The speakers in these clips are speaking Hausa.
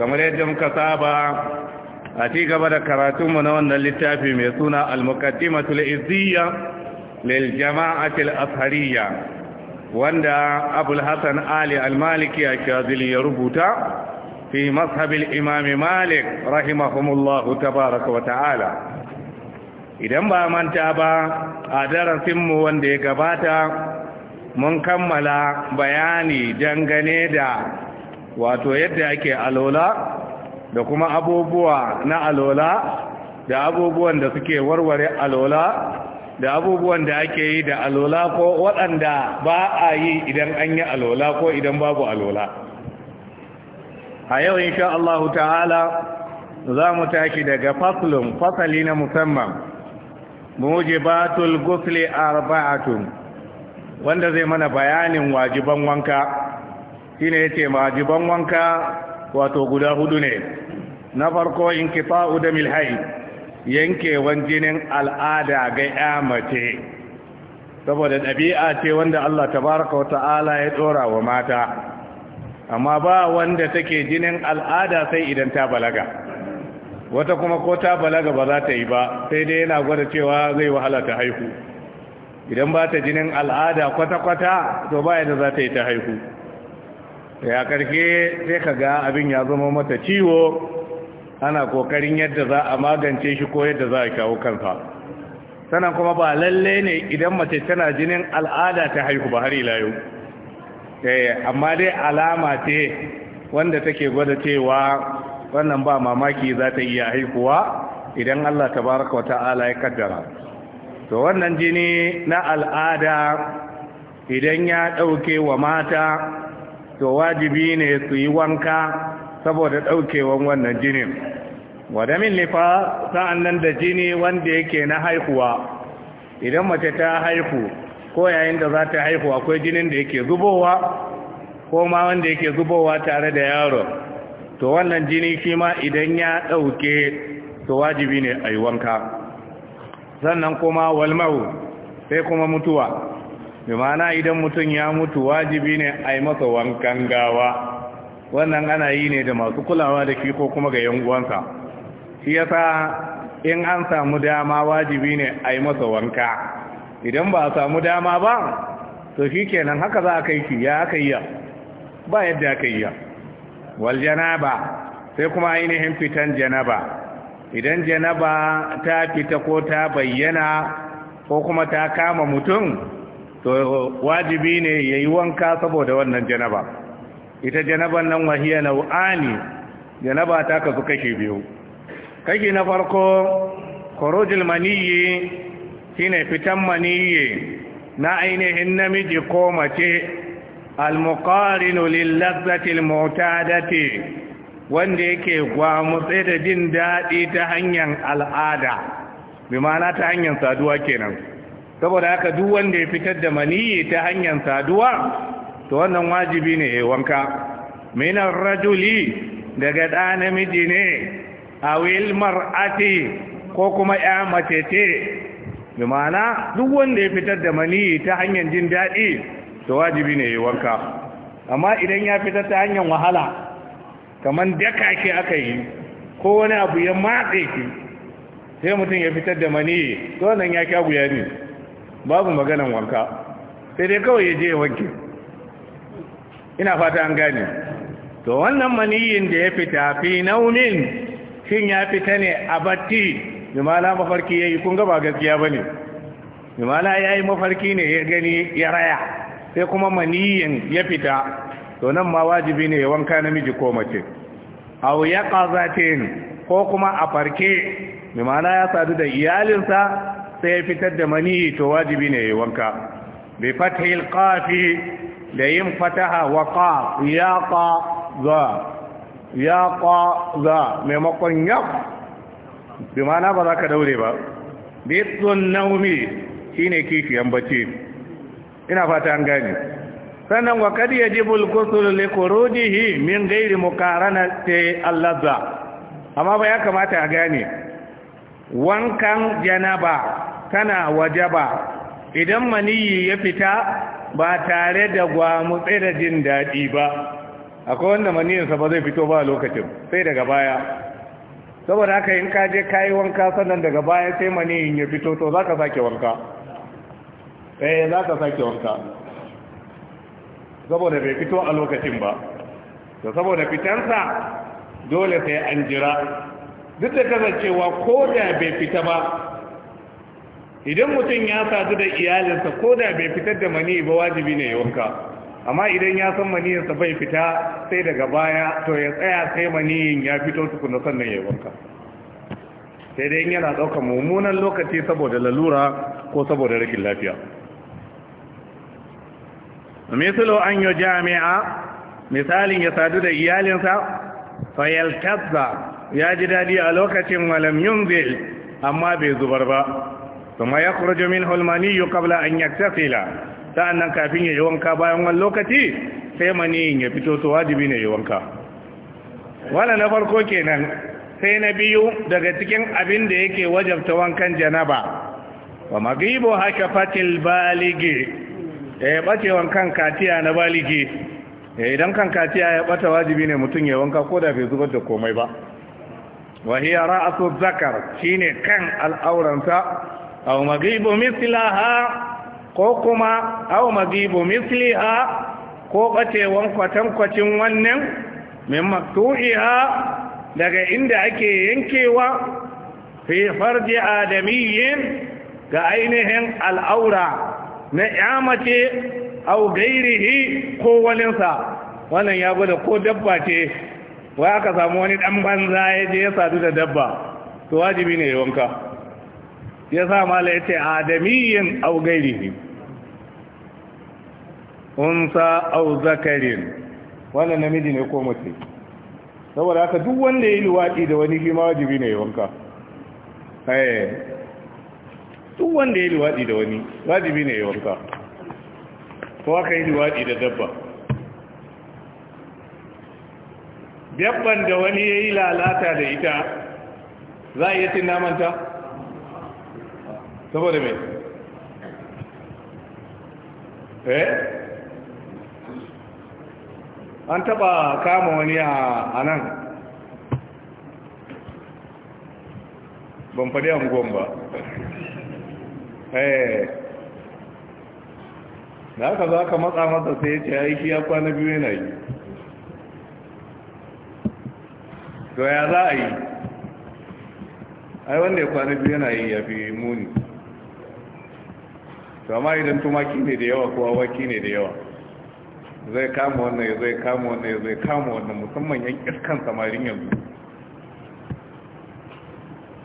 kamar yadda muka saba a ci gaba da karatunmu na wannan littafi mai suna al-muqaddimatul izziya lil jama'atil ashariyya wanda abul hasan ali al-maliki al-shazili ya rubuta fi Mashabil imam malik rahimahumullah tabaaraka wa ta'ala idan ba manta ba a mu wanda ya gabata mun kammala bayani dangane da wato yadda ake alola da kuma abubuwa na alola da abubuwan da suke warware alola da abubuwan da ake yi da alola ko waɗanda ba a yi idan an yi alola ko idan babu alola a yau insha Allah ta'ala za mu tashi daga faslun fasali na musamman mujibatul gusli arba'atun wanda zai mana bayanin wajiban wanka shine yace majiban wanka wato guda hudu ne na farko in da mil hayy yankewan jinin al'ada ga ya mace saboda ɗabi'a ce wanda Allah tabaraka wa ta'ala ya dora wa mata amma ba wanda take jinin al'ada sai idan ta balaga wata kuma ko ta balaga ba za ta yi ba sai dai yana gwada cewa zai wahala ta haihu idan ba ta jinin al'ada kwata-kwata to ba yadda za ta yi ta haihu ya karke sai ka ga abin ya zama mata ciwo ana kokarin yadda za a magance shi ko yadda za a kawo kansa sannan kuma ba lalle ne idan mace tana jinin al'ada ta haihu ba har ila yau eh, amma dai alama ce wanda take gwada cewa wannan ba mamaki za ta iya haihuwa idan Allah tabaraka wa ta'ala ya kaddara to wannan jini na al'ada idan ya ɗauke wa mata to wajibi ne su yi wanka saboda daukewan wannan jinin wadamin lifa sa'an nan da jini wanda yake na haihuwa idan mace ta haihu ko yayin da za ta haihu akwai jinin da yake zubowa ko ma wanda yake zubowa tare da yaro to wannan jini shi ma idan ya ɗauke to wajibi ne a yi wanka sannan kuma walmau sai kuma mutuwa bi ma'ana idan mutum ya mutu wajibi ne a yi masa wankan gawa wannan ana yi ne da masu kulawa da kiko ko kuma ga yanguwansa shi yasa in an samu dama wajibi ne a yi masa wanka idan ba a samu dama ba to shi kenan haka za a kai shi ya aka yi ba yadda aka yi wal janaba sai kuma ainihin fitan janaba idan janaba ta fita ko ta bayyana ko kuma ta kama mutum to wajibi ne yayi wanka saboda wannan janaba ita janaban nan wahiya nau'ani janaba ta kasu kashe biyu kashi na farko khurujul maniyyi shine fitan maniyyi na ainihin namiji ko mace al-muqarinu mota ladzati wanda yake gwamutse da jin daɗi ta hanyar al'ada bi ma'ana ta hanyar saduwa kenan saboda haka duk wanda ya fitar da maniyi ta hanyar saduwa to wannan wajibi ne ya wanka minar rajuli daga ɗa namiji ne a wilmar ati ko kuma ya mace ce bi ma'ana duk wanda ya fitar da maniyi ta hanyar jin daɗi to wajibi ne ya wanka amma idan ya fitar ta hanyar wahala kamar daka ke aka yi ko wani abu ya matse ki sai mutum ya fitar da maniyi to wannan ya guya ne babu maganan wanka sai dai kawai ya je ya wanke ina fata an gane to wannan maniyin da ya fita fi naumin shin ya fita ne a batti jimala mafarki ya yi kun gaba gaskiya ba ne jimala ya yi mafarki ne ya gani ya raya sai kuma maniyin ya fita to nan ma wajibi ne ya wanka namiji ko mace au ya ƙazatin ko kuma a farke jimala ya sadu da iyalinsa sai ya fitar da mani to wajibi ne ya wanka bi yi qafi da yin fataha wa qaf ya qa za ya qa za maimakon ya bi ma'ana ba za ka daure ba bitsun naumi shine kishiyan bacci ina fata an gane sannan wa kad yajibu al-ghusl li khurujihi min ghairi muqaranati al-ladha amma ba ya kamata a gane wankan janaba tana wajaba idan maniyi ya fita ba tare da gwamutse da jin daɗi ba akwai wanda maniyinsa ba zai fito ba lokacin sai daga baya saboda haka in ka je kayi wanka sannan daga baya sai maniyin ya fito to za ka sake wanka eh za ka sake wanka saboda bai fito a lokacin ba da saboda fitansa dole sai an jira duk da kasancewa ko da bai fita ba idan mutum ya sadu da iyalinsa ko da bai fitar da mani ba wajibi ne ya wanka amma idan ya san maniyarsa bai fita sai daga baya to ya tsaya sai maniyin ya fito tukuna sannan ya wanka sai dai yana ɗaukar mummunan lokaci saboda lalura ko saboda rikin lafiya misalo an yi jami'a misalin ya sadu da iyalinsa fayaltazza ya ji daɗi a lokacin walam yunzil amma bai zubar ba kuma ya kurjo min hulmani yi kabla an ta annan kafin ya yi wanka bayan wani lokaci sai mani ya fito to wajibi ne ya wanka wala na farko kenan sai na biyu daga cikin abin da yake wajabta wankan janaba wa magibo haka fatil baligi ya eh, bace wankan katiya na baligi eh, idan kan katiya ya bata wajibi ne mutum ya wanka ko da bai zubar da komai ba وهي رأس الذكر شيني كان الأورنسا أو مغيب مثلها كوكما أو مغيب مثلها كوكتي وانكوتم كوتم ونن من مقطوعها daga inda ake yankewa fi farji adamiyyin ga ainihin al'aura na yamace au gairihi ko walinsa wannan ya gwada ko dabba ce wai aka samu wani dan banza ya je ya sadu da dabba to wajibi ne ya wanka ya sa mala ya ce adamiyyin au gairihi unsa au zakarin wannan namiji ne ko mace saboda haka duk wanda ya yi luwaɗi da wani shi ma wajibi ne ya wanka eh. duk wanda ya yi luwaɗi da wani wajibi ne ya wanka ko aka yi luwaɗi da dabba dabban da wani ya yi lalata da ita za a iya cin namanta saboda mai eh an taba kama wani a nan ban faɗi angon ba eh da aka za ka matsa masa sai ya ce aiki ya kwana biyu yana yi to ya za a yi ai wanda ya kwana biyu yana yi ya fi muni to amma idan tumaki ne da yawa ko awaki ne da yawa zai kama wannan ya zai kama wannan ya zai kama wannan musamman yan iskan samarin yanzu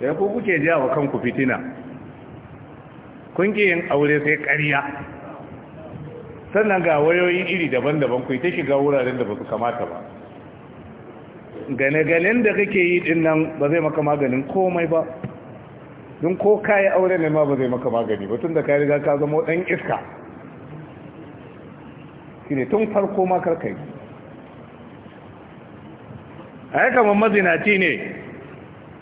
ya ku kuke ji wa kanku fitina kun ki yin aure sai ƙarya sannan ga wayoyi iri daban-daban ku ta shiga wuraren da ba su kamata ba gane-ganen da kake yi din nan ba zai maka maganin komai ba don ko kayi aure ne ma ba zai maka magani ba tun da ka riga ka zama dan iska shine tun farko ma karkai a yi kamar mazinaci ne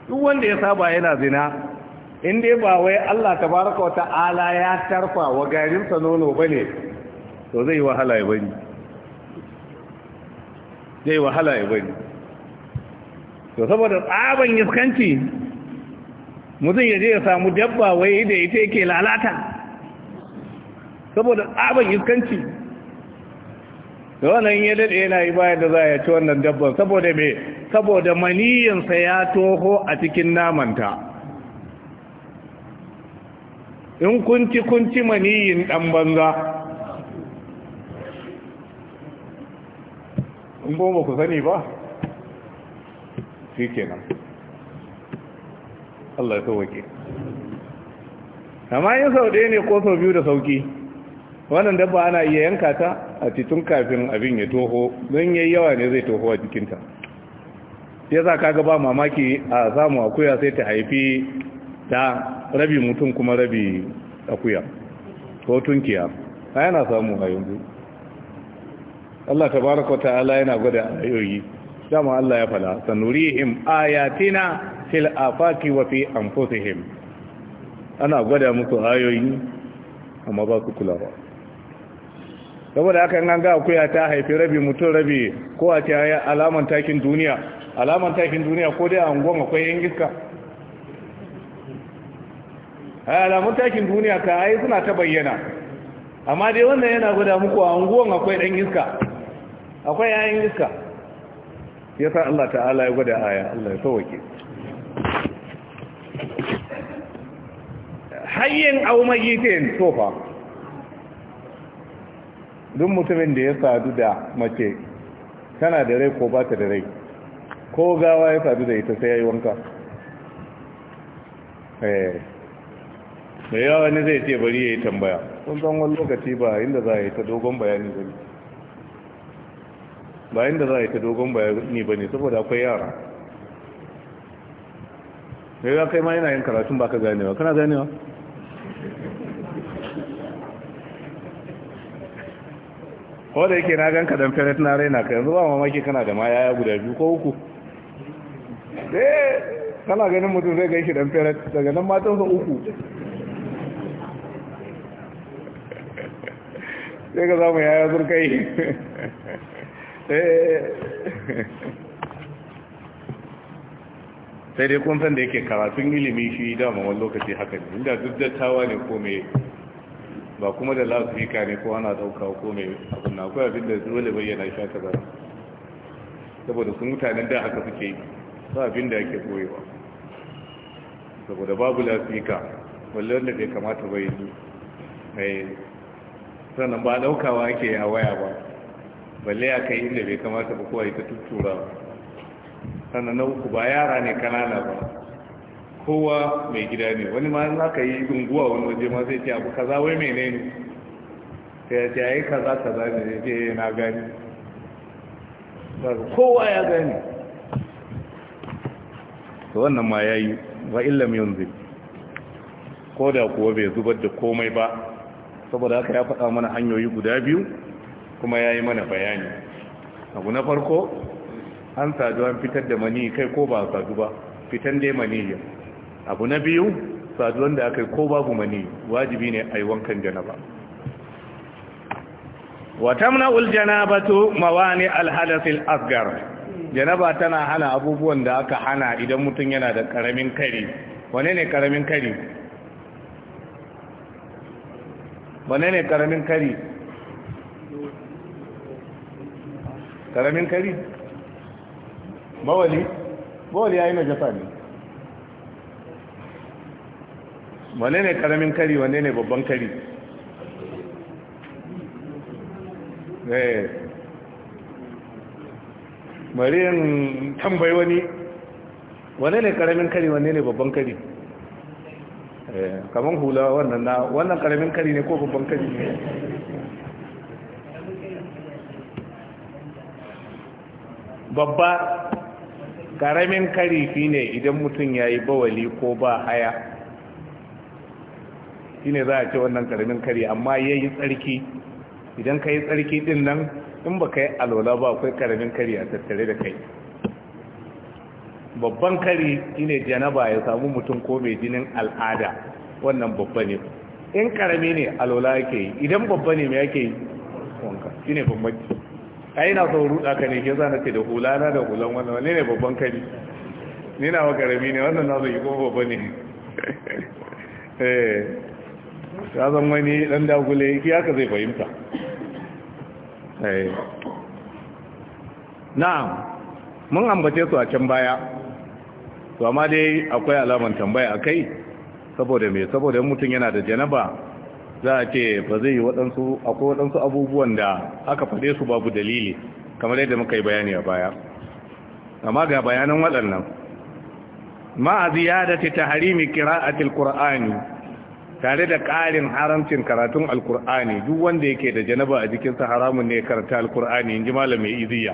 duk wanda ya saba yana zina in dai ba wai Allah tabaraka wa ta'ala ya tarfa wa garinsa nono bane to zai wahala ya bani zai wahala ya bani to saboda tsaban yaskanci mutum ya ya samu dabba wai da ita yake lalata saboda tsaban yaskanci da wannan ya daɗe yana yi bayan da za a ci wannan dabban saboda me saboda maniyansa ya toho a cikin namanta in kunci kunci maniyin ɗan banza in goma ku sani ba shi kenan Allah ya sauwake amma yin sau ɗaya ne ko sau biyu da sauki wannan dabba ana iya yanka ta a cikin kafin abin ya toho don yayi yawa ne zai toho a jikinta ya za kaga ba mamaki a samu akuya sai ta haifi da rabi mutum kuma rabi akuya ko tunkiya a yana samu a yanzu Allah tabaraka ta'ala yana gwada ayoyi dama Allah ya fada sanurihim ayatina fil afaqi wa fi anfusihim ana gwada musu ayoyi amma ba su kula ba saboda haka an ga akuya ta haifi rabi mutum rabi ko a ce alaman takin duniya alaman takin duniya ko dai a angon akwai yan iska a alamun takin duniya ka ai suna ta bayyana amma dai wannan yana gwada muku a angon akwai dan iska akwai yayin iska ya sa Allah ta'ala ya gwada aya Allah ya sauwake hayyin au mayyitin tofa duk mutumin da ya sadu da mace tana da rai ko ba ta da rai ko gawa ya sadu da ita sai ya yi wanka da eh, yawa ne zai ce bari ya yi tambaya kun san wani lokaci ba inda za a yi ta dogon bayani zai bayan da za a yi ta dogon bayani ba ne saboda akwai yara ne za kai ma yana yin karatun ba ka ganewa kana ganewa ko da yake na ganka dan fere na raina ka yanzu ba mamaki kana da ma yaya guda biyu ko uku eh kana ganin mutum zai gaishe dan fere daga nan matansa uku sai ka zamu yaya zurkai Eh. sai dai kun san da yake karatun ilimi shi dama wani lokaci haka ne inda duk tawa ne ko mai ba kuma da lafika ne ko ana dauka ko mai abin na kuwa abin da dole bayyana sha ta ba saboda sun mutanen da haka suke ba abin da yake koyewa saboda babu lafika wallon wanda bai kamata bai yi eh. sannan ba daukawa ake a waya ba balle ya kai inda bai kamata ba kowa ta tuttura sannan na uku ba yara ne kanana ba kowa mai gida ne wani ma za ka yi unguwa wani waje ma sai ce abu kaza wai menene sai ya ce ai kaza kaza ne ya ce eh, na gani kowa ya gani to wannan ma ya yi illa mai yanzu ko da kuwa bai zubar da komai ba saboda haka ya faɗa mana hanyoyi guda biyu kuma ya yi mana bayani abu na farko an sadu an fitar da mani kai ko ba sadu ba fitan dai mani abu na biyu saduwan da aka yi ko babu mani wajibi ne a yi wankan janaba watamna uljanabatu mawani alhadasil asgar janaba tana hana abubuwan da aka hana idan mutum yana da karamin kari wane ne karamin kari wane ne karamin kari karamin kari Mawali. Mawali ya yi najasa ne wane ne karamin kari wane ne babban kari mariyan eh. tambayi wani wane ne karamin kari wane ne babban kari eh, kamar hula wannan na wannan karamin kari ne ko babban kari ne babba karamin karifi ne idan mutum ya yi bawali ko ba haya shi ne za a ce wannan karamin kari amma ya yi tsarki idan ka yi tsarki din nan in ba ka yi alola ba akwai karamin kari a tattare da kai babban kari shi ne janaba ya samu mutum ko mai jinin al'ada wannan babba ne in karami ne alola yake yi idan babba ne mai ake yi wanka shi ne bambanci ai ina son ruɗa ka ne ke zana ce da hula na da hulan wannan wani ne babban kari ni na wa karami ne wannan na yi kuma babba ne eh ya zan wani dan dagule ki haka zai fahimta eh na'am mun ambace su a can baya to amma dai akwai alaman tambaya akai saboda me saboda mutum yana da janaba za a ce ba zai yi waɗansu akwai waɗansu abubuwan da aka faɗe su babu dalili kamar yadda muka yi bayani a baya amma ga bayanan waɗannan ma ta harimi kira a qur'ani tare da ƙarin haramcin karatun alkur'ani duk wanda yake da janaba a jikin sa haramun ne karanta ji inji malami iziya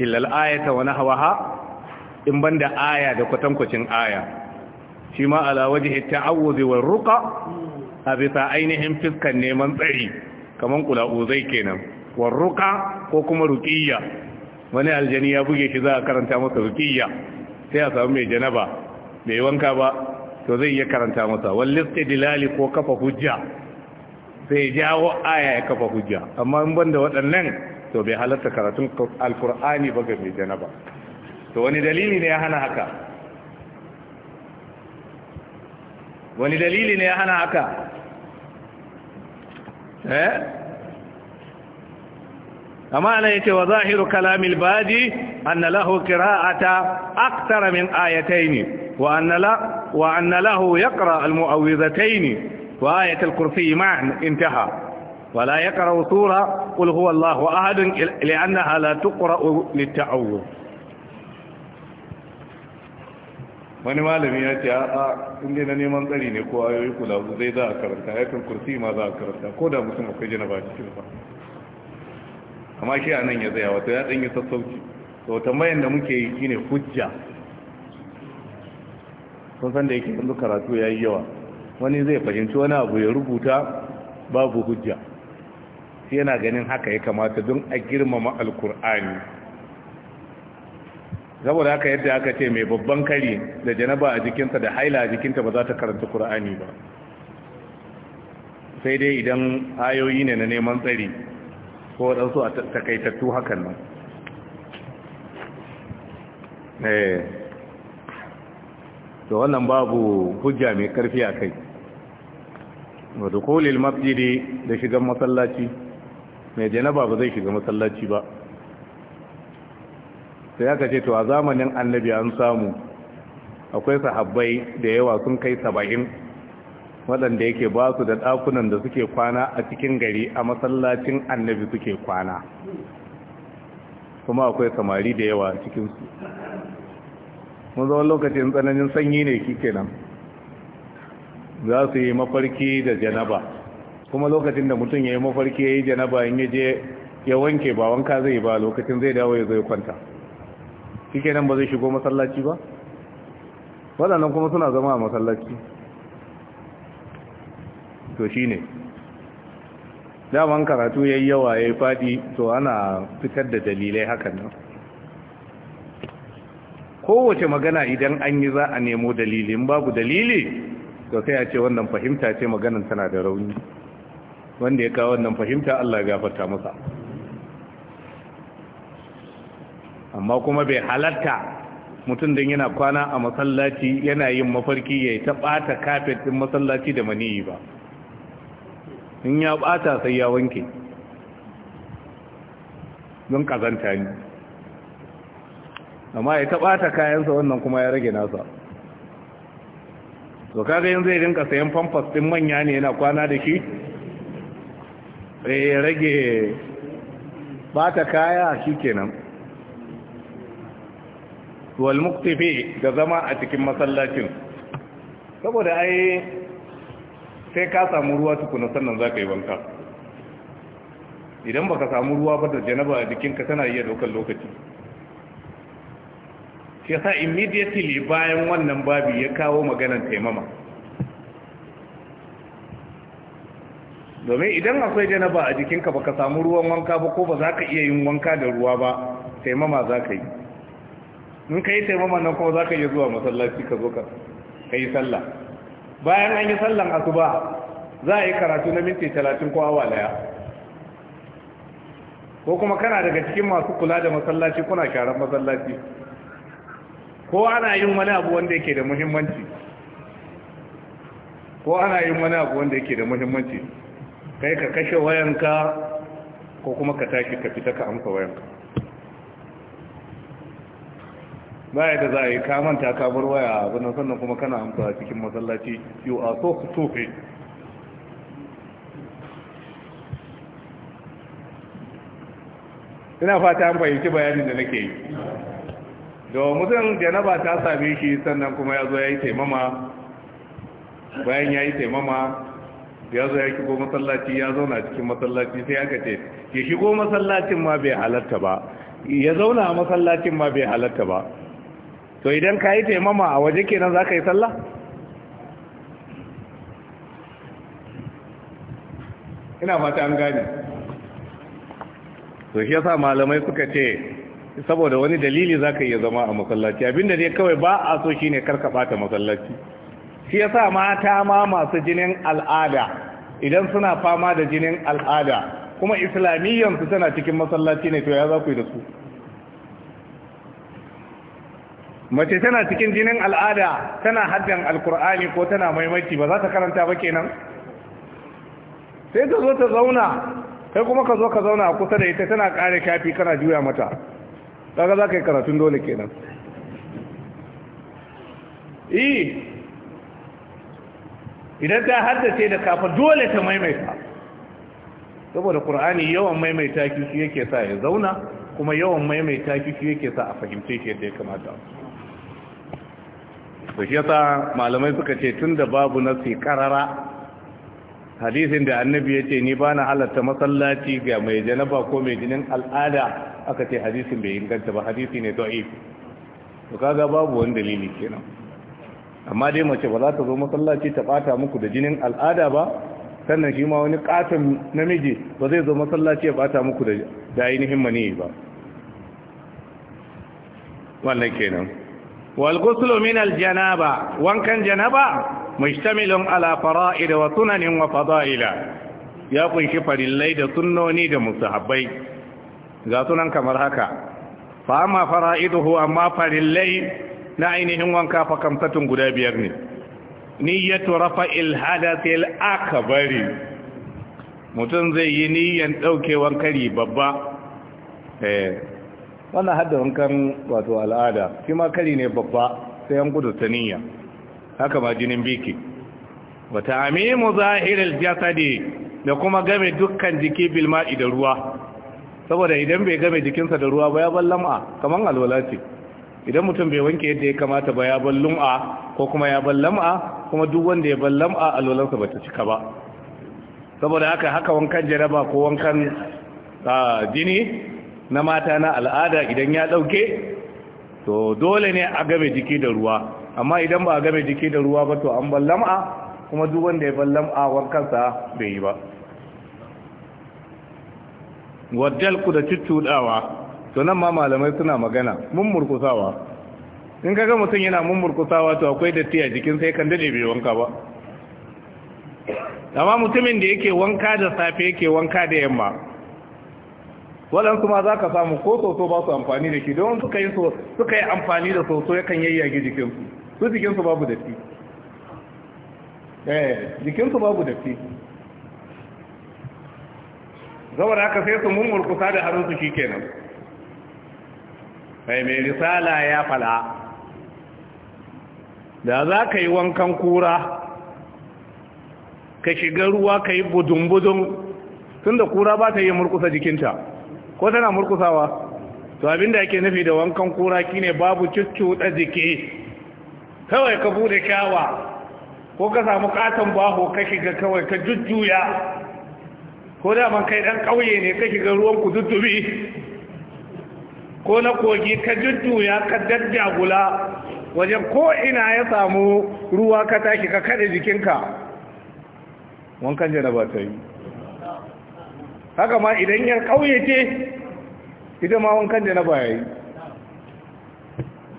aya ta ayata wa nahwaha in banda aya da kwatankwacin aya shi ma alawaji ita ta'awuz wal ruqa a bisa ainihin fiskan neman tsari kaman zai kenan Warruka ruqa ko kuma ruqiyya wani aljani ya buge shi za a karanta masa ruqiyya sai a samu mai janaba mai wanka ba to zai iya karanta masa wal dilali ko kafa hujja sai jawo aya ya kafa hujja amma in banda waɗannan to bai halatta karatun alkur'ani ba ga mai janaba to wani dalili ne ya hana haka wani dalili ne ya hana haka eh amma ana yake wa zahiru kalamil baji anna lahu qira'ata akthara min ayatayn wa anna la wa anna lahu yaqra al mu'awwidhatayn wa ayat al kursiy ma'an intaha wa la yaqra sura qul huwa ahad li'annaha la tuqra lit ta'awwudh wani malami ya ce a inda na neman tsari ne ko ayoyi kula zai za a karanta kan kursi ma za a karanta ko da mutum akwai ba cikin ba amma shi nan ya zaya wata ya ɗan yi sassauci to tambayan da muke yi shine hujja Sun san da yake yanzu karatu ya yi yawa wani zai fahimci wani abu ya rubuta babu hujja sai yana ganin haka ya kamata don a girmama alkur'ani saboda haka yadda aka ce mai babban kari da janaba a jikinsa da haila a jikinta ba za ta karanta Kur'ani ba sai dai idan ayoyi ne na neman tsari ko waɗansu a takaitattu hakan nan eh. to wannan babu hujja mai karfi a kai wadda kolil masjidi da shigan masallaci mai janaba ba zai shiga masallaci ba sai aka ce to a zamanin annabi an samu akwai sahabbai da yawa sun kai saba'in waɗanda yake ba su da ɗakunan da suke kwana a cikin gari a masallacin annabi suke kwana kuma akwai samari da yawa a cikinsu mun zama lokacin tsananin sanyi ne kike nan za su yi mafarki da janaba kuma lokacin da mutum ya yi mafarki ya yi janaba in ya je ya wanke ba wanka zai ba lokacin zai dawo ya zai kwanta kike nan ba zai shigo masallaci ba waɗannan kuma suna zama a masallaci to shi ne daman karatu ya yi yawa ya yi faɗi to ana fitar da dalilai hakan nan kowace magana idan an yi za a nemo dalilin babu dalili to sai a ce wannan fahimta ce maganar tana da rauni wanda ya kawo wannan fahimta Allah ya gafarta masa amma kuma bai halatta mutum din yana kwana a masallaci yana yin mafarki ya yi ta bata kafet din masallaci da maniyi ba in ya bata sai ya wanke don kazanta ni amma ya ta bata kayansa wannan kuma ya rage nasa to kaga yanzu ya rinka sayan famfas din manya ne yana kwana da shi eh, ya rage bata kaya shi kenan. wal muktifi da zama a cikin masallacin saboda ai sai ka samu ruwa tukuna sannan za ka yi wanka idan baka samu ruwa ba da janaba a jikinka tana iya daukar lokaci shi sa immediately bayan wannan babi ya kawo maganar taimama domin idan akwai janaba a jikinka baka samu ruwan wanka ba ko ba za ka iya yin wanka da ruwa ba taimama za ka yi in ka yi taimama nan kuma za ka yi zuwa masallaci ka zo ka yi sallah bayan an yi sallan asuba za a yi karatu na minti talatin ko awa daya ko kuma kana daga cikin masu kula da masallaci kuna sharar masallaci ko ana yin wani abu wanda yake da muhimmanci ko ana yin wani abu wanda yake da muhimmanci kai ka kashe wayanka ko kuma ka tashi ka fita ka amsa wayanka ba da za a yi kamanta kamar waya abin sannan kuma kana amsa cikin masallaci yau a so stupid ina fata an fahimci bayanin da nake yi da mutum janaba ta same shi sannan kuma ya zo ya yi taimama bayan ya yi taimama ya zo ya shigo masallaci ya zauna cikin masallaci sai aka ce ya shigo masallacin ma bai halatta ba ya zauna a masallacin ma bai halatta ba to idan ka yi taimama a waje kenan za ka yi sallah ina fata an gane to shi yasa malamai suka ce saboda wani dalili za ka iya zama a masallaci abinda dai kawai ba a so shine karka bata masallaci shi yasa mata ma masu jinin al'ada idan suna fama da jinin al'ada kuma islamiyyansu tana cikin masallaci ne to ya za ku yi da su mace tana cikin jinin al'ada tana haddan alkur'ani ko tana maimaiti ba za ta karanta ba kenan sai ta zo ta zauna sai kuma ka zo ka zauna a kusa da ita tana kare kafi kana juya mata Daga za ka yi karatun dole kenan yi e, idan ta haddace da kafa dole ta maimaita saboda ƙur'ani yawan maimaita kisu yake sa ya zauna kuma yawan maimaita kisu yake sa a fahimce shi yadda ya kamata to shi yasa malamai suka ce tun da babu nasi karara hadisin da annabi ya ce ni ba na halatta masallaci ga mai janaba ko mai jinin al'ada aka ce hadisin bai inganta ba hadisi ne da'if to kaga babu wani dalili kenan amma dai mace ba za ta zo masallaci ta bata muku da jinin al'ada ba sannan shi ma wani katon namiji ba zai zo masallaci ya bata muku da ainihin mani ba wannan kenan والغسل من الجنابة وان كان جنابة مجتمل على فرائد وسنن وفضائل يا كن شفر الليل سنوني ده مستحبي ga sunan kamar haka fa amma fara'iduhu amma farillai na ainihin wanka fa kamsatun guda biyar ne niyyatu rafa'il hadathil akbari mutum zai yi niyyar daukewan kari babba eh, wannan hada wankan wato al'ada shi ma kari ne babba sai an gudu saniya haka ma jinin biki wata amimu zahiril jasadi da kuma game dukkan jiki bil da ruwa saboda idan bai game jikinsa da ruwa ba ya ban lam'a kaman alwala ce idan mutum bai wanke yadda ya kamata ba ya ban lum'a ko kuma ya ban lam'a kuma duk wanda ya ban lam'a alwalansa ba ta cika ba saboda haka haka wankan jaraba ko wankan ah, jini na mata na al'ada idan ya ɗauke to dole ne a game jiki da ruwa amma idan ba a game jiki da ruwa ba to an ballama kuma duk wanda ya ballama kansa bai yi ba ku da cuccuɗawa to nan ma malamai suna magana mun murkusawa in kaga mutum yana mun murkusawa to akwai datti a jikin sai kan dade bai wanka ba amma mutumin da yake wanka da safe yake wanka da yamma waɗansu ma za ka samu ko soso ba su amfani da shi don suka yi yi amfani da soso yayya ga jikinsu su jikinsu babu datti eh jikinsu babu datti Zawar aka sai su mummurkusa da su shi kenan mai mai risala ya fala da za ka yi wankan kura ka shiga ruwa ka yi budun-budun tun da kura ba ta yi murkusa jikinta ko tana murkusawa to abinda yake nufi da wankan kura ne babu cuccuɗa jiki kawai ka bude kyawa ko ka samu katon baho ka shiga kawai ka jujjuya ko da man kai dan ƙauye ne ka shiga ruwan ku duddubi ko na kogi ka jujjuya ka daddagula wajen ko ina ya samu ruwa ka tashi ka kada jikinka wankan janaba ta yi haka ma idan yar kauye ce ita ma wankan da na bayayi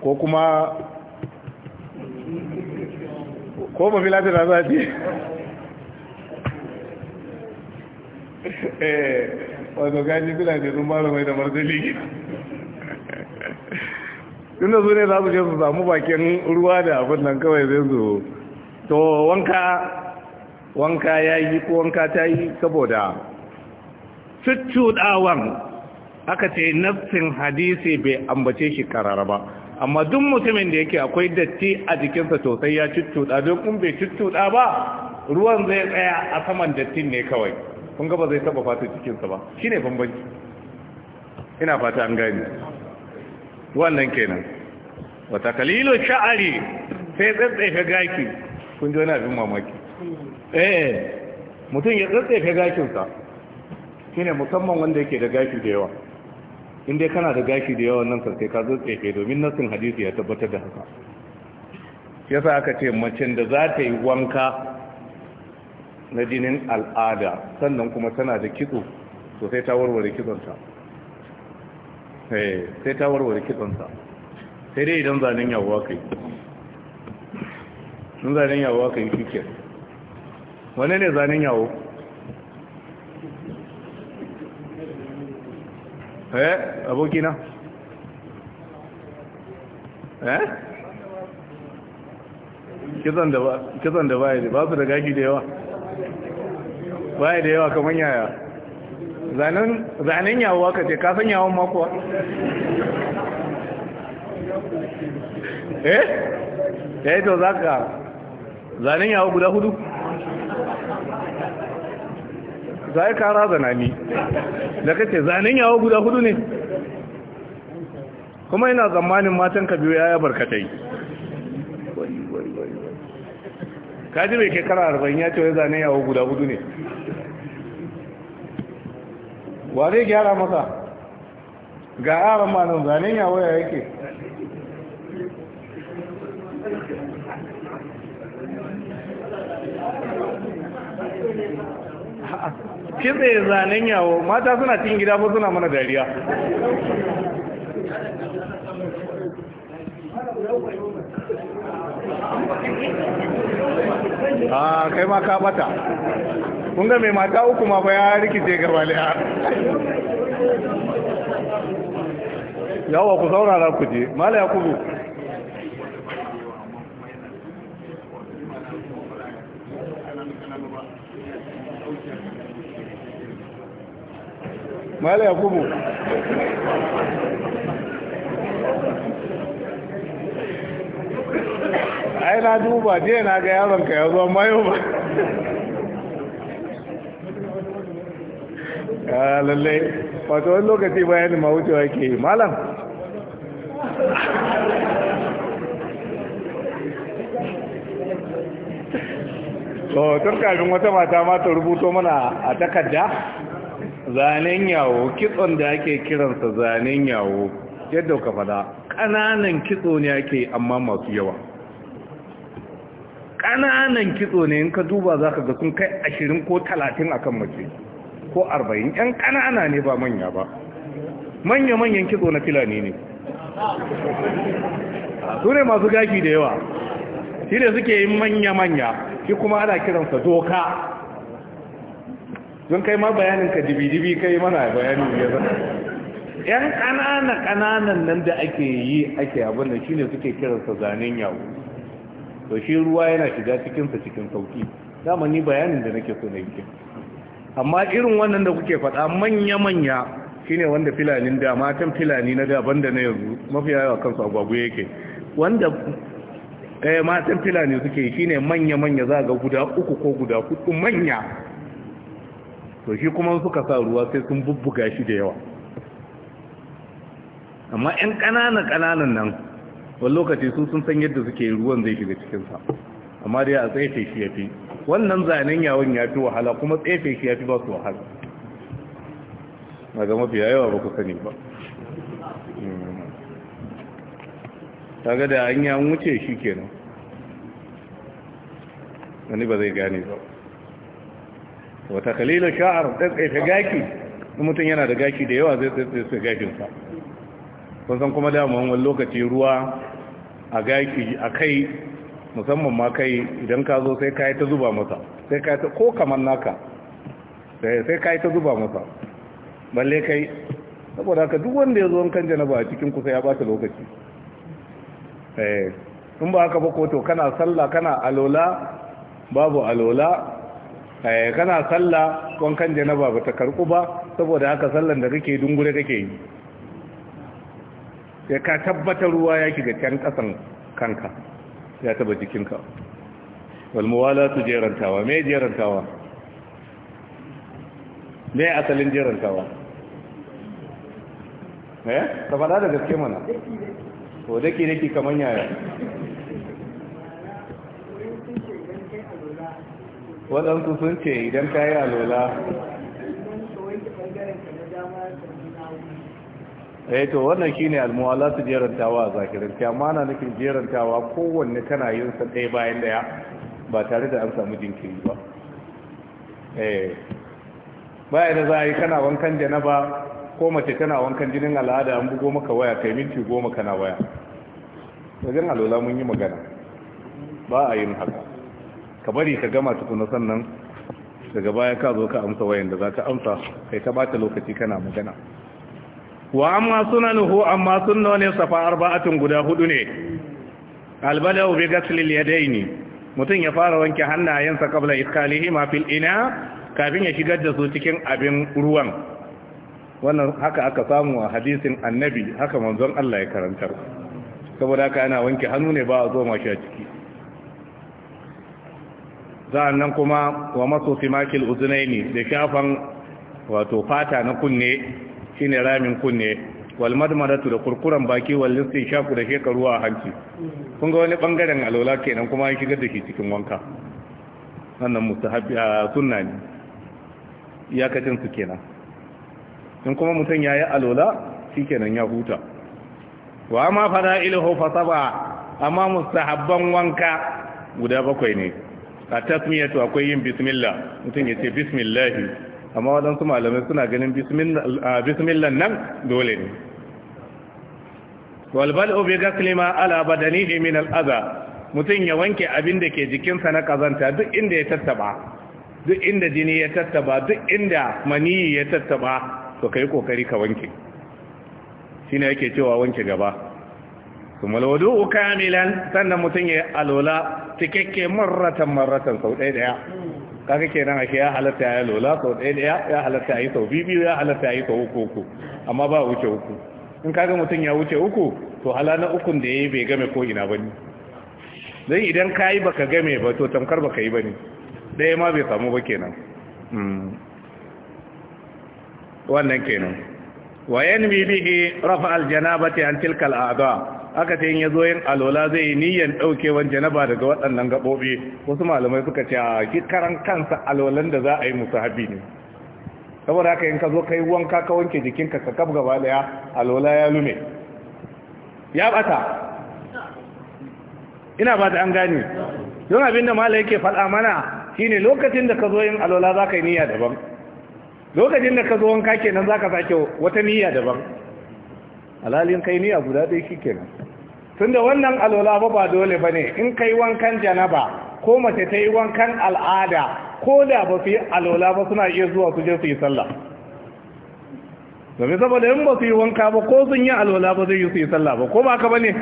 ko kuma ko ba filata da za ce eh wato gaji filata sun ba da mai da marzali inda su ne za su je su samu bakin ruwa da abin nan kawai zai zo. to wanka wanka ya yi ko wanka ta yi saboda cuccuɗawan aka ce nafsin hadisi bai ambace shi karara ba amma duk mutumin da yake akwai datti a jikinsa sosai ya cuccuɗa don kun bai cuccuɗa ba ruwan zai tsaya a saman dattin ne kawai kun ga ba zai taba fata jikinsa ba shine bambanci ina fata an gani wannan kenan wata kalilo sha'ari sai tsatsefe gaki kun ji wani abin mamaki eh mutum ya tsatsefe gakinsa shine musamman wanda yake da gashi da yawa in dai kana da gashi da yawa nan sai ka zo tsefe domin nasin hadisi ya tabbatar da haka yasa aka ce macen da za ta yi wanka na jinin al'ada sannan kuma tana da kitso to sai ta warware kitsonta eh, sai ta warware kitsonta sai dai idan zanen yawuwa kai sun zanen yawuwa kai shi ke wane ne zanen yawo eh abokina eh kisan da ba kisan da baya ba su da gashi da yawa baya da yawa kamar yaya zanen zanen yawo ka ce ka san yawon makuwa eh eh to za ka? zanen yawo guda hudu Za ai ka razana ni da kace zanen yawo guda hudu ne kuma ina tsammanin matan ka biyo yaya barkatai kaji mai kekara arba'in ya ce wai zanen yawo guda hudu ne wa zai gyara masa ga aran manan zanen yawo ya yake a'a kitse zanen yawo mata suna cikin gida ba suna mana dariya a kai ma ka bata kun ga mai mata uku ma ba ya rikice gaba daya yawa ku saurara ku je mala ya kubu mala yakubu ai na duba je na ga yaronka ya zo mayo ba ya ah, wato wani lokaci bayan ma wucewa ke yi malam to tun kafin wata mata ma ta rubuto mana a takarda zanen yawo kitson da ake kiransa zanen yawo yadda ka fada ƙananan kitso ne ake amma masu yawa ƙananan kitso ne in ka duba za ka ga sun kai ashirin ko talatin akan mace ko arba'in ƴan ƙanana ne ba manya ba manya-manyan kitso na filani ne su ne masu gafi da yawa shi ne suke yin manya-manya shi kuma ana kiransa doka don kai ma bayanin ka dibi-dibi kai mana bayanin ya zama yan ƙanana-ƙananan nan da ake yi ake abin da shine suke kiransa zanen yawo to shi ruwa yana shiga cikinsa cikin sauki dama ni bayanin da nake so na yi amma irin wannan da kuke faɗa manya-manya shine wanda filanin da matan filani na daban da na yanzu mafiya yawa kansu agwagwa yake wanda eh matan filani suke shine manya-manya za ga guda uku ko guda hudu manya to shi kuma suka sa ruwa sai sun bubbuga shi da yawa amma 'yan ƙananan ƙananan nan wani lokaci su sun san yadda suke ruwan zai shiga cikinsa amma dai a tsaye shi ya fi wannan zanen yawon ya fi wahala kuma tsaye shi ya fi ba su wahala na mafi yawa ba ku sani ba ta ga da an yawon wuce shi kenan wani ba zai gane ba wata kalilin sha'ar tsaifaita gaki mutum yana da gaki da yawa zai tsaifaita gakinsa kusan kuma damuwan wani lokaci ruwa a gaki a kai musamman ma kai idan ka zo sai ka yi ta zuba masa sai kayi ta ko kamar naka sai ka yi ta zuba masa balle kai saboda haka duk wanda ya zo kan janaba a cikin kusa ya bata lokaci eh, in ba haka ba ko to kana sallah kana alola babu alola Eh, kana sallah wankan janaba ba ta karku ba saboda haka sallan da kake dungure kake yi ya ka tabbatar ruwa ya shiga can kasan kanka ya taba jikinka walmuwala su jerantawa me jerantawa me asalin jerantawa eh ka faɗa da gaske mana to dake dake kaman yaya waɗansu sun ce idan ka yi alola eh to wannan shine almuwala su jerantawa a zakiranci amma na nufin jerantawa kowanne kana yin sa ɗaya bayan ɗaya ba tare da an samu jinkiri ba eh baya da za a yi kana wankan janaba ko mace tana wankan jinin al'ada an bugo maka waya kai minti goma kana waya wajen alola mun yi magana ba a yin haka ka bari ka gama tukuna sannan daga baya ka zo ka amsa wayan da za ka amsa kai ta bata lokaci kana magana wa amma sunanuhu amma sunnonin safa arba'atun guda hudu ne albalau bi ghaslil yadaini mutum ya fara wanke hannayensa qabla iskalihi ma fil ina kafin ya shigar da su cikin abin ruwan wannan haka aka samu a hadisin annabi haka manzon Allah ya karantar saboda haka ana wanke hannu ne ba a zo mashi a ciki nan kuma wa maso uzunai ne da kyafan wato fata na kunne shine ramin kunne wal madmadatu da kurkuran baki wal shaku da shekaru a hanci kun ga wani bangaren alola kenan kuma an shigar da shi cikin wanka wannan mustahabi a suna ne iyakacinsu su kenan in kuma mutum ya yi alola shi kenan ya huta wa ma fara ilhu fa saba amma mustahabban wanka guda bakwai ne a tasmiyatu akwai yin bismillah mutum ya ce bismillahi amma waɗansu malamai suna ganin bismillah nan dole ne walbal obi gaslima ala badanihi min al'aza mutum ya wanke abin da ke jikinsa na kazanta duk inda ya tattaba duk inda jini ya tattaba duk inda maniyi ya tattaba to kai kokari ka wanke shine yake cewa wanke gaba kuma alwudu kamilan sannan mutum ya alola cikakke marratan marratan sau ɗaya ɗaya ke kenan ake ya halatta ya lola sau ɗaya ɗaya ya halatta yi sau biyu ya halatta yi sau uku uku amma ba wuce uku in kaga mutum ya wuce uku to hala na ukun da ya yi bai game ko ina ba ne don idan ka yi baka game ba to tamkar baka yi ba ne ɗaya ma bai samu ba kenan hmm. wannan kenan wa yanmi bihi rafa aljanabati an tilkal a'dha aka ce in ya zo yin alola zai yi niyyar ɗaukewan janaba daga waɗannan gaɓoɓi wasu malamai suka ce a karan kansa alolan da za a yi musu habi ne saboda haka in ka zo kai wanka ka wanke jikinka ka kaf gaba daya alola ya lume ya ɓata ina ba ta an gane don abin da mala yake faɗa mana shine lokacin da ka zo yin alola za ka yi niyya daban lokacin da ka zo wanka kenan za ka sake wata niyya daban alalin kai a guda ɗaya shi kenan da wannan alola ba ba dole ba ne in kai wankan janaba ko mace ta yi wankan al'ada ko da ba su yi ba suna iya zuwa su je su yi sallah domin saboda in ba su yi wanka ba ko sun yi alola ba zai yi su yi sallah ba ko ba ka ba ne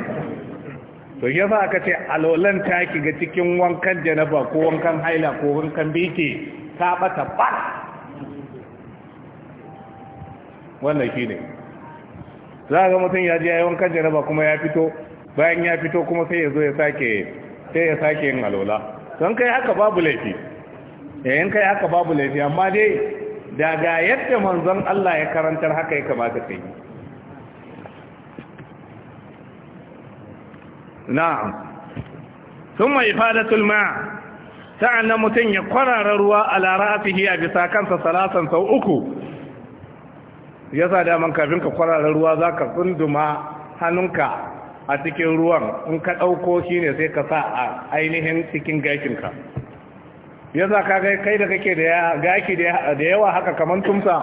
to ya sa aka ce alolan ta ki ga cikin wankan janaba ko wankan haila ko wankan biki ta bata ba wannan shi ne za ga mutum ya ji ya kan janaba kuma ya fito bayan ya fito kuma sai ya zo ya sake sai ya sake yin alola. don kai haka babu laifi yayin eh, kai haka babu laifi amma dai daga yadda manzon Allah ya karantar haka ya kamata kai na'am thumma ifadatul ma' sa'an mutum ya kwarara ruwa a lara'afihi a bisa kansa salasan sau uku Ya sa daman kafin ka kwararar ruwa za ka tsunduma hannunka a cikin ruwan in ka ɗauko shi ne sai ka sa a ainihin cikin gashinka sa ka gai kai da kake da gashi da yawa haka kamar tumsa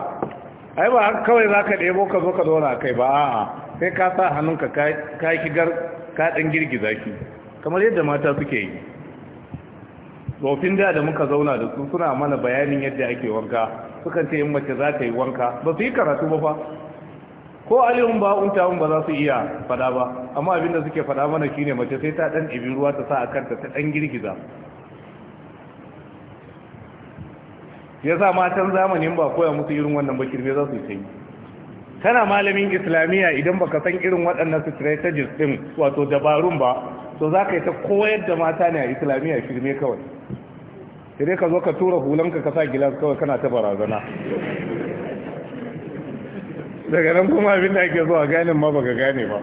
ai ba haka kawai za ka ɗebo ka zo ka zo na kai ba a'a sai ka sa hannunka ka shigar ka ɗan girgiza ki kamar yadda mata suke yi tsofin da da muka zauna da su suna mana bayanin yadda ake wanka sukan ce in mace za ta yi wanka ba su yi karatu ba fa ko alihun ba untawun ba za su iya fada ba amma abinda suke fada mana shine mace sai ta dan ibi ruwa ta sa a kanta ta dan girgiza ya sa matan zamanin ba koya musu irin wannan ba kirbe za su yi sai malamin islamiyya idan baka san irin waɗannan strategies din wato dabarun ba to za ka yi ta koyar da mata ne a islamiyya shirme kawai sai dai ka zo ka tura hulanka ka sa gilas kawai kana ta barazana daga nan kuma abin da ake zuwa ganin ma baka gane ba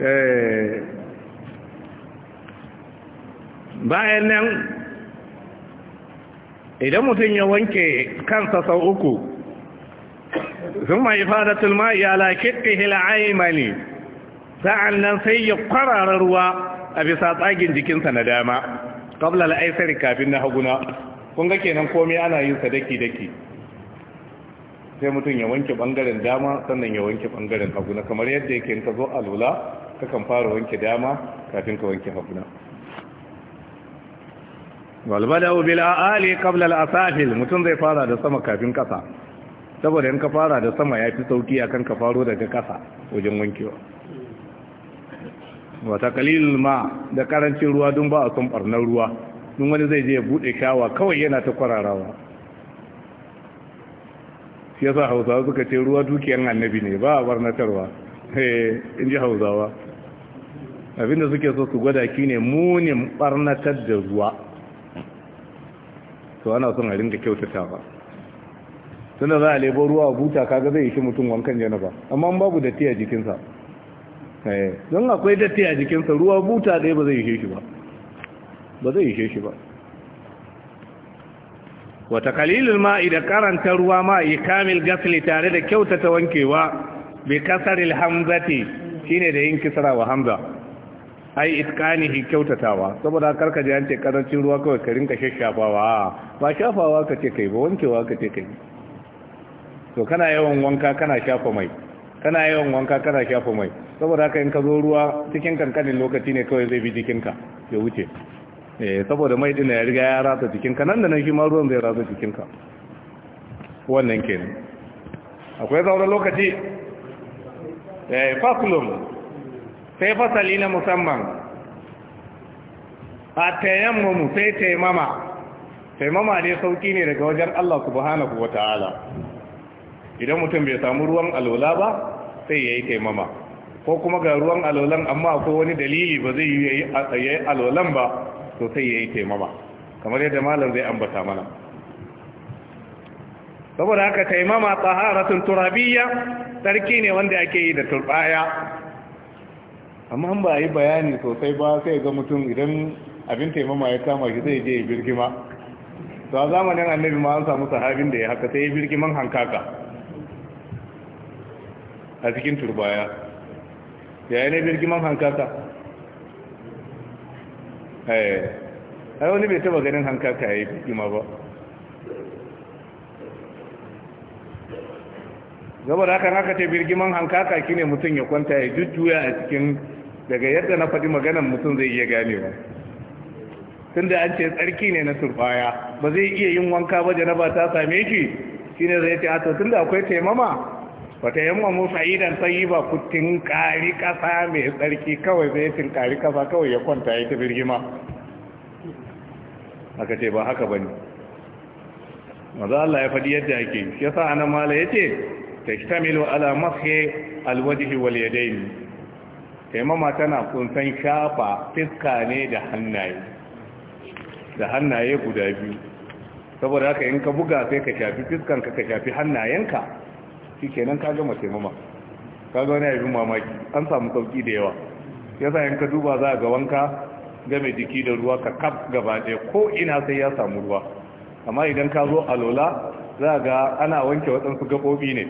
eh. bayan nan idan mutum ya wanke kansa sau uku ثم إفادة الماء على كتفه العيمني sa'annan sai ya kwarara ruwa a bisa tsagin jikinsa na dama qabla al-aysari kafin na haguna kun ga kenan komai ana yin sa daki sai mutum ya wanke bangaren dama sannan ya wanke bangaren haguna kamar yadda yake ka zo a alula kakan fara wanke dama kafin ka wanke haguna walbada ubila Ali qabla al-asafil mutum zai fara da sama kafin kasa saboda in ka fara da sama ya fi sauki akan ka faro daga kasa wajen wankewa wata kalilin ma da karancin ruwa don ba a son barnar ruwa don wani zai je ya bude shawa kawai yana ta kwararawa shi yasa hausawa suka ce ruwa dukiyar annabi ne ba a barnatarwa eh, in ji hausawa abinda suke so su gwada ki ne munin barnatar da ruwa to ana son a kyautata kyautatawa tunda za a lebo ruwa a buta kaga zai ishi mutum wankan janaba amma babu datti a jikinsa eh, don akwai datti a jikinsa ruwa buta ɗaya ba zai ishe shi ba ba zai ishe shi ba wata kalilin ma'i da karanta ruwa ma'i kamil gasli tare da kyautata wankewa bi kasaril shi shine da yin kisara wa hamza ai itkanihi kyautatawa saboda karka ji an ce karancin ruwa kawai ka rinka shashafawa ba shafawa ka ce kai ba wankewa ka ce kai to kana yawan wanka kana shafa mai kana yawan wanka kana shafa mai saboda haka in ka zo ruwa cikin kankanin lokaci ne kawai zai bi jikinka ya wuce eh saboda mai din ya riga ya ratsa jikinka nan da nan shi ma ruwan zai ratsa jikinka wannan kenan akwai zaura lokaci eh faslum sai fasali na musamman a tayammamu sai taimama taimama ne sauki ne daga wajen Allah subhanahu wa ta'ala idan mutum bai samu ruwan alola ba sai ya yi taimama ko kuma ga ruwan alolan amma ko wani dalili ba zai yi alolan ba to sai ya yi taimama kamar yadda malam zai ambata mana saboda haka taimama taharatun turabiya tsarki ne wanda ake yi da turbaya amma ba a yi bayani sosai ba sai ga mutum idan abin taimama ya kama shi zai je ya birgima to a zamanin annabi ma an samu sahabin da ya haka sai ya birgiman hankaka a cikin turbaya yayin na birgiman hankaka eh. ai wani bai taba ganin hankaka ya yi birgima ba gaba da haka haka ce birgiman hankaka ne mutum ya kwanta ya jujjuya a cikin daga yadda na faɗi maganan mutum zai iya ganewa tun da an ce tsarki ne na turbaya ba zai iya yin wanka ba janaba ta same shi Shi ne zai ce a tun da akwai taimama wata yamma mu fa'idan ba ku tinkari kasa mai tsarki kawai zai tinkari kasa kawai ya kwanta ya ta birgima aka ce ba haka bane maza Allah ya faɗi yadda ake shi yasa anan mala yace tashtamilu ala mashi alwajhi wal yadayn taimama tana kunsan shafa fiska ne da hannaye da hannaye guda biyu saboda haka in ka buga sai ka shafi fiskanka ka shafi hannayenka shi kenan ka gama taimama ka ga wani abin mamaki an samu sauki da yawa ya sa ka duba za a ga wanka game jiki da ruwa ka kaf gaba ɗaya ko ina sai ya samu ruwa amma idan ka zo alola za ga ana wanke waɗansu gaɓoɓi ne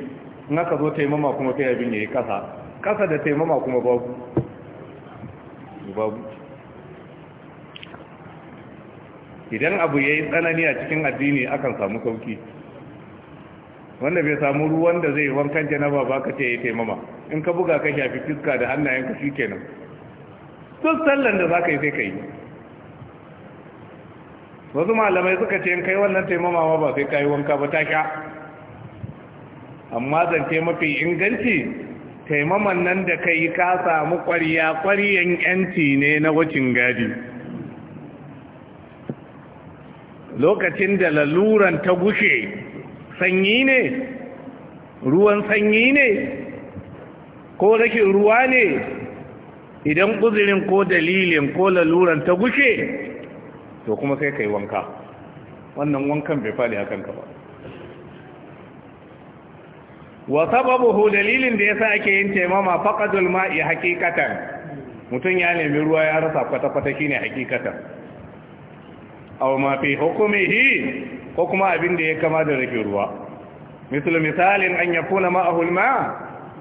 in aka zo taimama kuma kai abin ya yi ƙasa ƙasa da taimama kuma babu babu idan abu ya yi tsanani a cikin addini akan samu sauki wanda bai samu ruwan da zai wankan janaba ba ka ce ya taimama in ka buga ka shafi fiska da hannayen ka shi kenan Sun sallan da za ka yi sai ka yi wasu malamai suka ce in kai wannan taimama ma ba sai ka yi wanka ba ta sha amma zance mafi inganci taimaman nan da ka yi ka samu ƙwariya ƙwariyan yanci ne na wacin gadi lokacin da laluran ta gushe sanyi ne ruwan sanyi ne ko rashin ruwa ne idan uzurin ko dalilin ko laluran ta gushe to kuma sai kai wanka wannan wankan bai faɗi hakan ka ba wa sababu dalilin da yasa ake yin taimama faqadul ma'i haqiqatan mutun ya nemi ruwa ya rasa kwata kwata shine haqiqatan aw ma fi hukmihi ko kuma abin da ya kama da rufin ruwa misal misalin an yakuna ma'ahu al-ma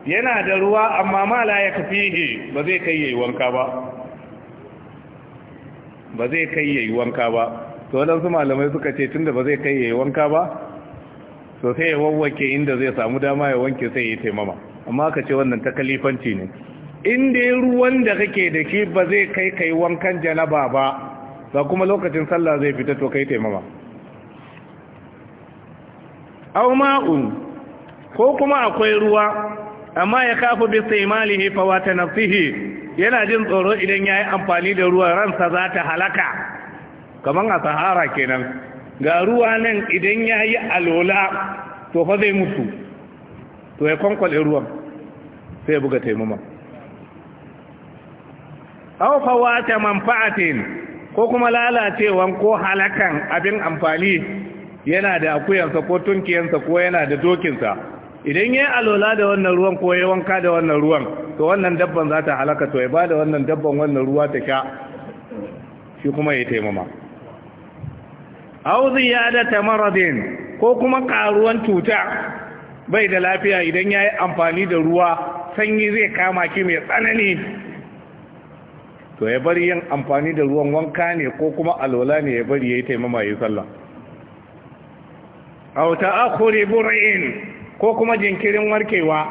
yana da ruwa amma ma la yakfihi ba zai kai yayi wanka ba ba zai kai yayi wanka ba to su malamai suka ce tunda ba zai kai yayi wanka ba to sai ya wawwake inda zai samu dama ya wanke sai ya taimama amma ka ce wannan takalifanci ne in dai ruwan da kake da shi ba zai kai kai wankan janaba ba ba kuma lokacin sallah zai fita to kai taimama aw ma'un ko kuma akwai ruwa amma ya kafu bi istimalihi wa tanfihi yana jin tsoro idan yayi amfani da ruwa ransa za ta halaka kaman a sahara kenan ga ruwa nan idan yayi alola to fa zai mutu to ya kwankwale ruwan sai ya buga taimama aw ta manfa'atin ko kuma lalacewan ko halakan abin amfani yana da akuyansa ko tunkiyansa ko yana da dokinsa idan ya alola da wannan ruwan ko ya wanka da wannan ruwan to wannan dabban za ta halaka to ya ba da wannan dabban wannan ruwa ta sha shi kuma ya taimama auzi ya da tamaradin ko kuma karuwan cuta bai da lafiya idan ya yi amfani da ruwa sanyi zai kama ki mai tsanani to ya bari yin amfani da ruwan wanka ne ko kuma alwala ne ya bari ya yi taimama ya yi sallah wata akwuri bur'in ko kuma jinkirin warkewa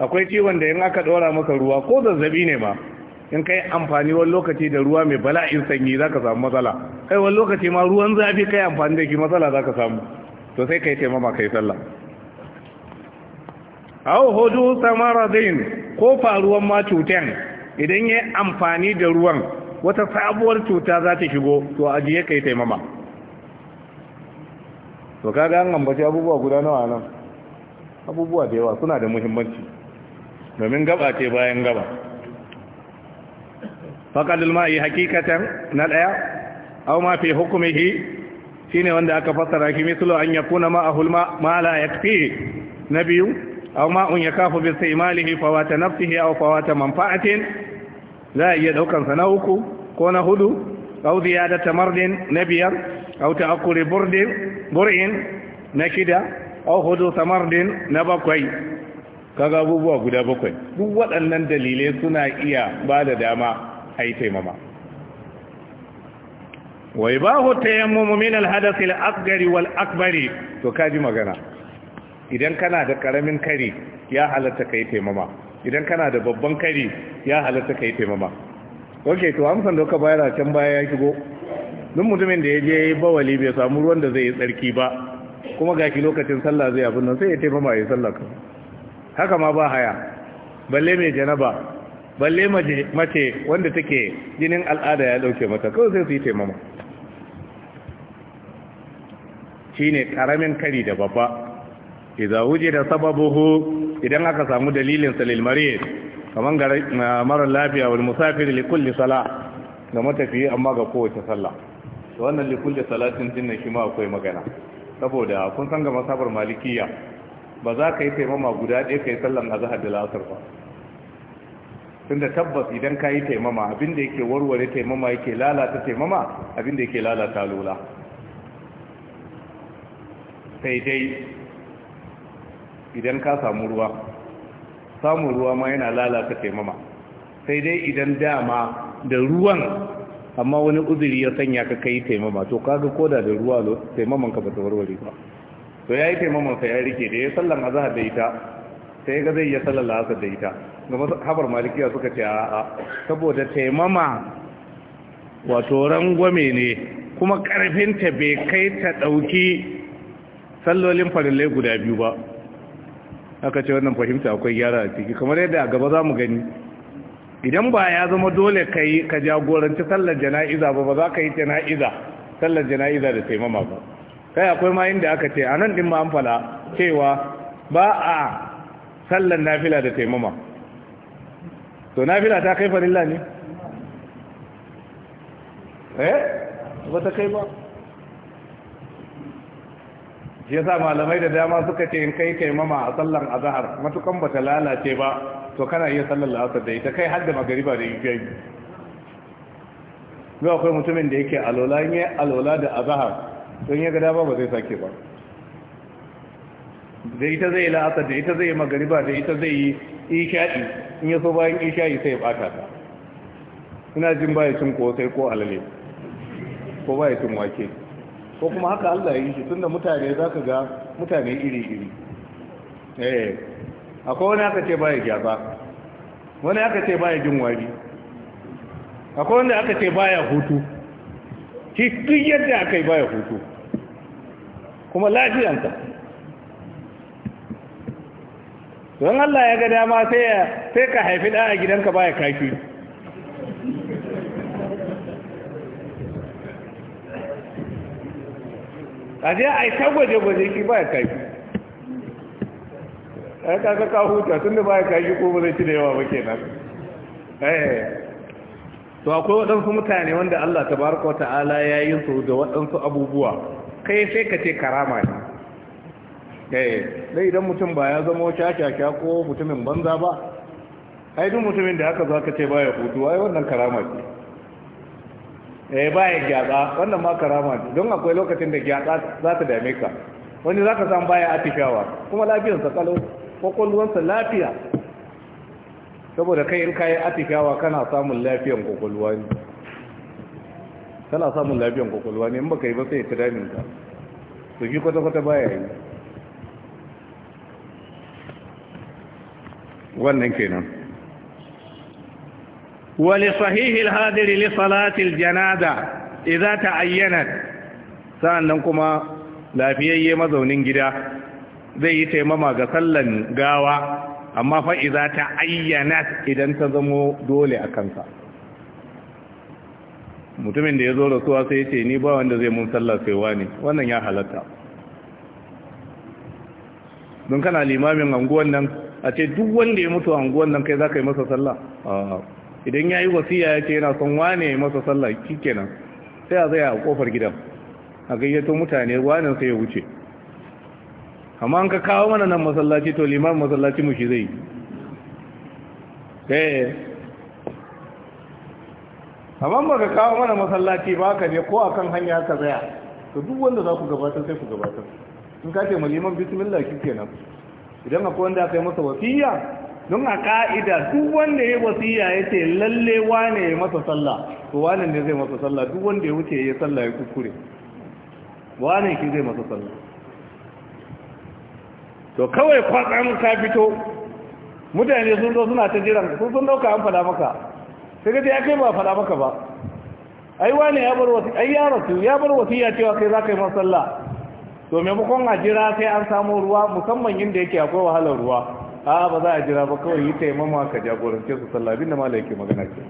akwai ciwon da in aka dora maka ruwa ko zazzabi ne ma in kai amfani wani lokaci da ruwa mai bala'in sanyi za ka samu matsala kai wani lokaci ma ruwan zafi kai amfani da shi matsala ka samu to sai kai taimama kai sallah aw hudu samaradin ko faruwan ma cutan idan ya amfani da ruwan wata sabuwar cuta za ta shigo to ajiye kai taimama to kaga an ambaci abubuwa guda nawa nan abubuwa da yawa suna da muhimmanci domin gaba ce bayan gaba ma ma'i hakikatan na ɗaya au ma fi hukumihi shine wanda aka fassara shi mislu an yakuna ma'ahul ma la yakfi na biyu aw ma'un yakafu bi istimalihi fawata nafsihi aw fawata manfa'atin za a iya daukan sa na uku ko na hudu aw ziyadata mardin na biyar aw ta'akkuri burdin bur'in na shida aw hudusa mardin na bakwai kaga abubuwa guda bakwai duk waɗannan dalilai suna iya ba da dama a yi taimama wai ba hu tayammumu min alhadath al-asghar wal akbar to kaji magana idan kana da karamin kari ya halatta kai taimama idan kana da babban kari ya halatta kai taimama ok to amsan doka baya bayar can baya ya shigo duk mutumin da ya je bawali bai samu ruwan da zai yi tsarki ba kuma gashi lokacin sallah zai abin nan sai ya taimama ya sallah kan haka ma ba haya balle mai janaba balle mace wanda take jinin al'ada ya dauke mata kawai sai su yi taimama shine karamin kari da babba idza wujida sababuhu idan aka samu dalilin salil marid kaman ga mara lafiya wal musafir li kulli ga matafiyi amma ga kowace sallah wannan li kulli salatin din shi ma akwai magana saboda kun san ga masabar malikiya ba za ka yi taimama guda ɗaya ka yi sallan azhar da la'asar ba tunda tabbas idan ka yi taimama abinda yake warware taimama yake lalata taimama abinda yake lalata lola sai dai idan ka samu ruwa samun ruwa ma yana lalata taimama sai dai idan dama da ruwan amma wani uzuri ya sanya ka kai taimama to kaga koda da ruwa lo taimaman ka bata warware ba to yayi taimaman sa ya rike da ya sallan azhar da ita sai ga zai ya sallan azhar da ita ga habar malikiya suka ce a'a saboda taimama wato rangwame ne kuma karfin ta bai kai ta dauki sallolin farillai guda biyu ba aka ce wannan fahimta akwai gyara a ciki kamar yadda a gaba za mu gani idan ba ya zama dole ka yi ka jagoranci sallar jana'iza ba ba za ka yi jana'iza sallar jana'iza da taimama ba kai akwai ma inda aka ce a nan ɗin ma an fala cewa ba a sallar nafila da taimama to nafila ta kai farilla ne eh ba ta kai ba shi yasa malamai da dama suka ce in kai kai mama a sallan azhar matukan ta lalace ba to kana iya sallar la'asar da ita kai har da magariba da yin isha'i zuwa akwai mutumin da yake alola in alola da azhar don ya ga dama ba zai sake ba da ita zai la'asar da ita zai magariba da ita zai yi isha'i in ya so bayan isha'i sai ya bata ta ina jin baya cin sai ko alale ko baya cin wake ko kuma haka Allah ya yi shi tunda mutane za ka ga mutane iri-iri eh akwai wani aka ce ba ya gyaba wani aka ce ba ya jin wari akwai wanda aka ce ba ya hutu shi duk yadda aka yi ya hutu kuma lafiyanta don Allah ya ga dama sai ka haifi ɗa a gidanka ya kashi. a je a yi ta gwaje-gwaje shi ba ya kashi a yi kasa ka huta tun da ba ya kashi ko ba zai ci da yawa ba ke nan eh. to akwai waɗansu mutane wanda Allah ta baraka ta'ala ya yi su da waɗansu abubuwa kai sai ka ce karama ne eh, dai idan mutum ba ya zama shashasha ko mutumin banza ba ai duk mutumin da aka zo aka ce ba ya hutu ai wannan karama ce eh ba ya gyatsa wannan ma karama ne don akwai lokacin da gyatsa za ta dame ka wani za ka san baya atishawa kuma lafiyarsa kalau kwakwalwarsa lafiya saboda kai in kayi atishawa kana samun lafiyan kwakwalwa ne kana samun lafiyan kwakwalwa ne in baka yi ba sai tiramin ka to shi kwata-kwata baya yi wannan kenan ولصحيح الهادر لصلاة الجنادة إذا تعينت sa'annan kuma lafiyayye mazaunin gida zai yi taimama ga sallan gawa amma fa iza ta ayyana idan ta zamo dole a mutumin da ya zo rasuwa sai ce ni ba wanda zai mun sallar saiwa ne wannan ya halatta don kana limamin anguwan nan a ce duk wanda ya mutu anguwan nan kai za ka yi masa sallah idan ya yi wasiya ya ce yana son wane masa sallah kenan sai a zai a kofar gidan a gayyato mutane wane sai ya wuce amma an ka kawo mana nan masallaci to liman masallaci mu shi zai eh amma ba ka kawo mana masallaci ba ka ne ko akan hanya ka zaya to duk wanda za ku gabatar sai ku gabatar in ka ce ma liman bismillah kenan idan akwai wanda aka yi masa wasiya don a ka'ida duk wanda ya wasiya ya ce lalle wane ya masa sallah to wane ne zai masa sallah duk wanda ya wuce ya sallah ya kuskure wane ki zai masa sallah to kawai kwatsam ka fito mutane sun zo suna ta jiran sun sun dauka an fada maka sai ka ya kai ba fada maka ba ai wane ya bar wasi ai ya rasu ya bar wasiya cewa kai za ka yi masa sallah to maimakon a jira sai an samu ruwa musamman inda yake akwai wahalar ruwa a ba za a jira ba kawai yi taimama ka jagorance su sallah abinda malai yake magana ke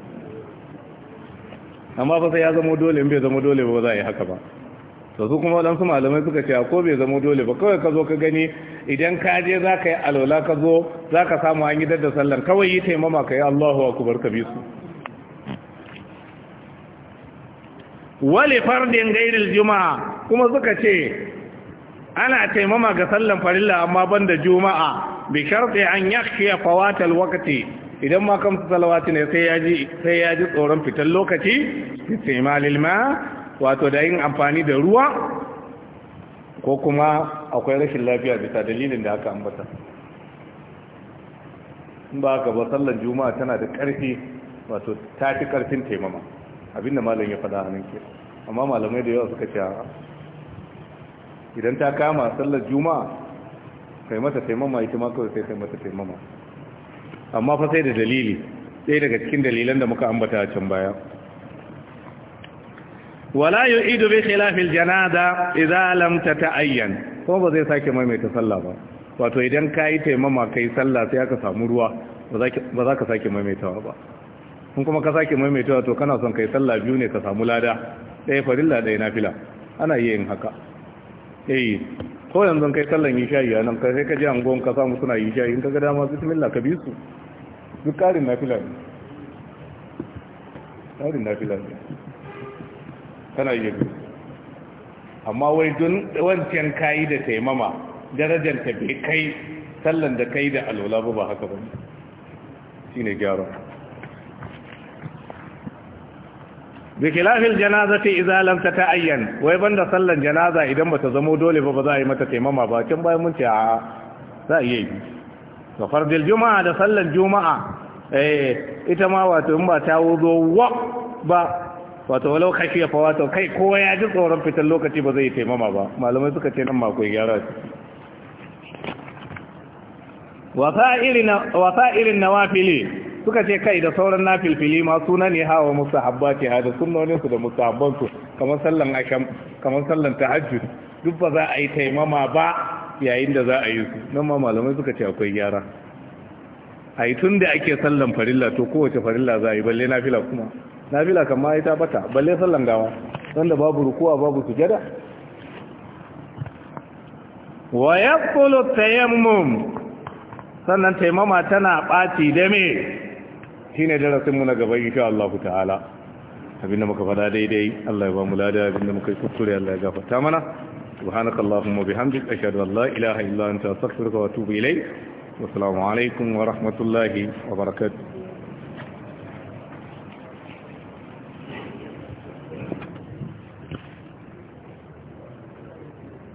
amma ba sai ya zama dole in bai zama dole ba za a yi haka ba to su kuma waɗansu malamai suka ce ko bai zama dole ba kawai ka zo ka gani idan ka je za ka yi alola ka zo za ka samu an yi da sallan kawai yi taimama ka yi allahu akubar ka bi su fardin gairil juma'a kuma suka ce ana taimama ga sallan farilla amma banda juma'a bi sharti an yakhshiya fawatal waqti idan ma kamta salawati ne sai yaji sai yaji tsoron fitar lokaci istimalil ma wato da yin amfani da ruwa ko kuma akwai rashin lafiya bisa dalilin da aka ambata in ba ka ba sallan juma'a tana da ƙarfi wato ta fi ƙarfin taimama abinda malam ya faɗa hannun ke amma malamai da yawa suka ce idan ta kama sallar juma'a kai mata taimama ita ma kawai sai kai mata taimama amma fa sai da dalili ɗaya daga cikin dalilan da muka ambata a can baya wala yu'idu bi khilafil janaza idza lam tata'ayyan ko ba zai sake maimaita sallah ba wato idan kai taimama kai sallah sai aka samu ruwa ba za ka sake maimaitawa ba kun kuma ka sake maimaitawa to kana son kai sallah biyu ne ka samu lada ɗaya farilla ɗaya nafila ana yin haka Eyi, eh, ko yanzu kai sallan shayi a nan sai ka ji kasa ka samu suna shayi in ka ga dama bismillah ka bi su duk karin fila ne karin fila ne kana iya bi amma wai don wancan kayi da taimama darajar ta bai kai sallan da kai da alwala ba haka ba shine gyara bi khilafil janazati idza lam tata'ayyan wai banda sallan janaza idan bata zamo dole ba ba za a yi mata taimama ba kin bayan mun ce a za a yi da fardil juma'a da sallan juma'a eh ita ma wato in ba ta wuzo wa ba wato walau ya fa wato kai kowa ya ji tsoron fitar lokaci ba zai yi taimama ba malamai suka ce nan ma akwai gyara wasa'ilin nawafili suka ce kai da sauran nafilfili ma suna ne hawa musahabbati ha da sunnonin su da musahabban su kamar sallan asham kamar sallan tahajjud duk ba za a yi taimama ba yayin da za a yi su nan ma malamai suka ce akwai gyara a yi tun da ake sallan farilla to kowace farilla za a yi balle nafila kuma nafila kama ya tabata balle sallan gawa wanda babu rukuwa babu sujada wa yaqulu tayammum sannan taimama tana baci da me shine darasin mu na gaba insha Allah ta'ala abinda muka fada daidai Allah ya ba mu lada abinda muka kuskure Allah ya gafarta mana subhanakallahumma bihamdik ashhadu an la ilaha illa anta astaghfiruka wa atubu ilayk wa assalamu alaikum wa rahmatullahi wa barakatuh